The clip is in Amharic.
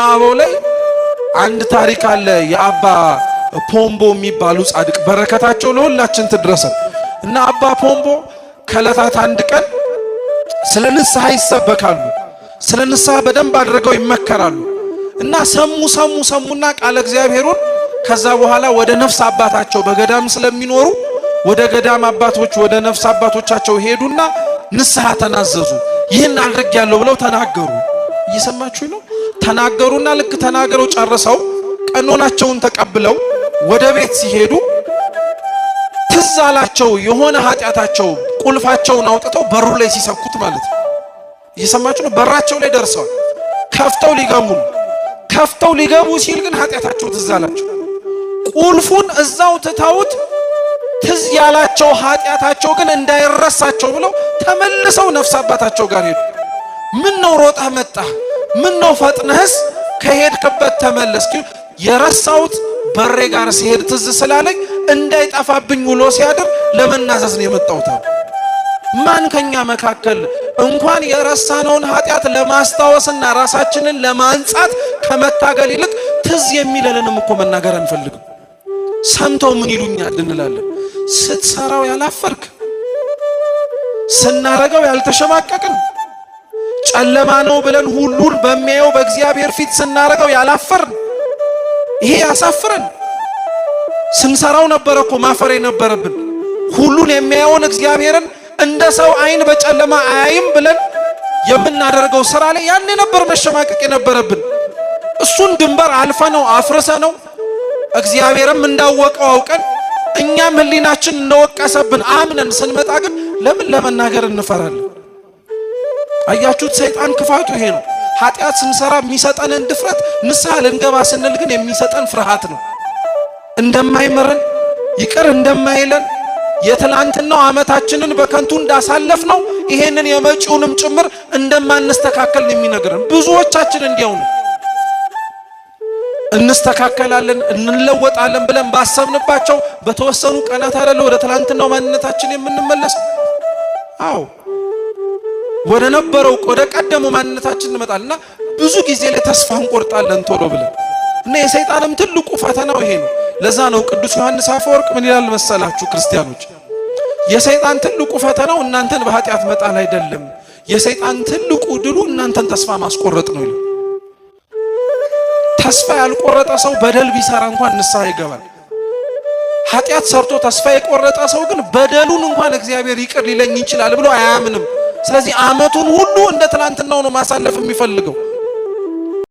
አበው ላይ አንድ ታሪክ አለ። የአባ ፖምቦ የሚባሉ ጻድቅ በረከታቸው ለሁላችን ትድረሰን እና አባ ፖምቦ ከዕለታት አንድ ቀን ስለ ንስሐ ይሰበካሉ። ስለ ንስሐ በደንብ አድርገው ይመከራሉ እና ሰሙ ሰሙ ሰሙና ቃለ እግዚአብሔሩን ከዛ በኋላ ወደ ነፍስ አባታቸው በገዳም ስለሚኖሩ ወደ ገዳም አባቶች ወደ ነፍስ አባቶቻቸው ሄዱና ንስሐ ተናዘዙ። ይህን አድርጌያለሁ ብለው ተናገሩ። እየሰማችሁ ነው። ተናገሩና ልክ ተናገረው ጨርሰው ቀኖናቸውን ተቀብለው ወደ ቤት ሲሄዱ ትዝ አላቸው የሆነ ኃጢአታቸው ቁልፋቸውን አውጥተው በሩ ላይ ሲሰኩት ማለት ነው። እየሰማችሁ ነው። በራቸው ላይ ደርሰዋል። ከፍተው ሊገቡ ከፍተው ሊገቡ ሲል ግን ኃጢአታቸው ትዝ አላቸው። ቁልፉን እዛው ትተውት ትዝ ያላቸው ኃጢአታቸው ግን እንዳይረሳቸው ብለው ተመልሰው ነፍስ አባታቸው ጋር ሄዱ። ምን ነው ሮጠህ መጣህ? ምን ነው ፈጥነህስ ከሄድክበት ተመለስክ? የረሳሁት በሬ ጋር ሲሄድ ትዝ ስላለኝ እንዳይጠፋብኝ ውሎ ሲያድር ለመናዘዝ ነው የመጣሁት። ማን ከኛ መካከል እንኳን የረሳነውን ኃጢአት ለማስታወስና ራሳችንን ለማንጻት ከመታገል ይልቅ ትዝ የሚለንንም እኮ መናገር አንፈልግም። ሰምተው ምን ይሉኛል እንላለን። ስትሰራው ያላፈርክ ስናረገው ያልተሸማቀቅን ጨለማ ነው ብለን ሁሉን በሚያየው በእግዚአብሔር ፊት ስናረገው ያላፈርን ይሄ ያሳፍረን። ስንሰራው ነበረ እኮ ማፈር የነበረብን። ሁሉን የሚያየውን እግዚአብሔርን እንደ ሰው አይን በጨለማ አያይም ብለን የምናደርገው ስራ ላይ ያን የነበር መሸማቀቅ የነበረብን። እሱን ድንበር አልፈ ነው አፍርሰ ነው እግዚአብሔርም እንዳወቀው አውቀን እኛም ህሊናችን እንደወቀሰብን አምነን ስንመጣ ግን ለምን ለመናገር እንፈራለን? አያችሁት? ሰይጣን ክፋቱ ይሄ ነው። ኃጢአት ስንሰራ የሚሰጠንን ድፍረት፣ ንስሐ ልንገባ ስንል ግን የሚሰጠን ፍርሃት ነው። እንደማይምረን ይቅር እንደማይለን የትላንትናው ዓመታችንን በከንቱ እንዳሳለፍ ነው ይሄንን የመጪውንም ጭምር እንደማንስተካከል ነው የሚነግርን። ብዙዎቻችን እንዲያው ነው። እንስተካከላለን እንለወጣለን ብለን ባሰብንባቸው በተወሰኑ ቀናት አይደለ ወደ ትላንትናው ማንነታችን የምንመለስ። አዎ ወደ ነበረው ወደ ቀደሙ ማንነታችን እንመጣልና ብዙ ጊዜ ላይ ተስፋ እንቆርጣለን ቶሎ ብለን እና የሰይጣንም ትልቁ ፈተናው ይሄ ነው። ለዛ ነው ቅዱስ ዮሐንስ አፈወርቅ ምን ይላል መሰላችሁ ክርስቲያኖች፣ የሰይጣን ትልቁ ፈተናው እናንተን በኃጢአት መጣል አይደለም። የሰይጣን ትልቁ ድሉ እናንተን ተስፋ ማስቆረጥ ነው ይላል። ተስፋ ያልቆረጠ ሰው በደል ቢሰራ እንኳን ንስሐ ይገባል። ኃጢአት ሰርቶ ተስፋ የቆረጠ ሰው ግን በደሉን እንኳን እግዚአብሔር ይቅር ሊለኝ ይችላል ብሎ አያምንም። ስለዚህ አመቱን ሁሉ እንደ ትናንትናው ነው ማሳለፍ የሚፈልገው።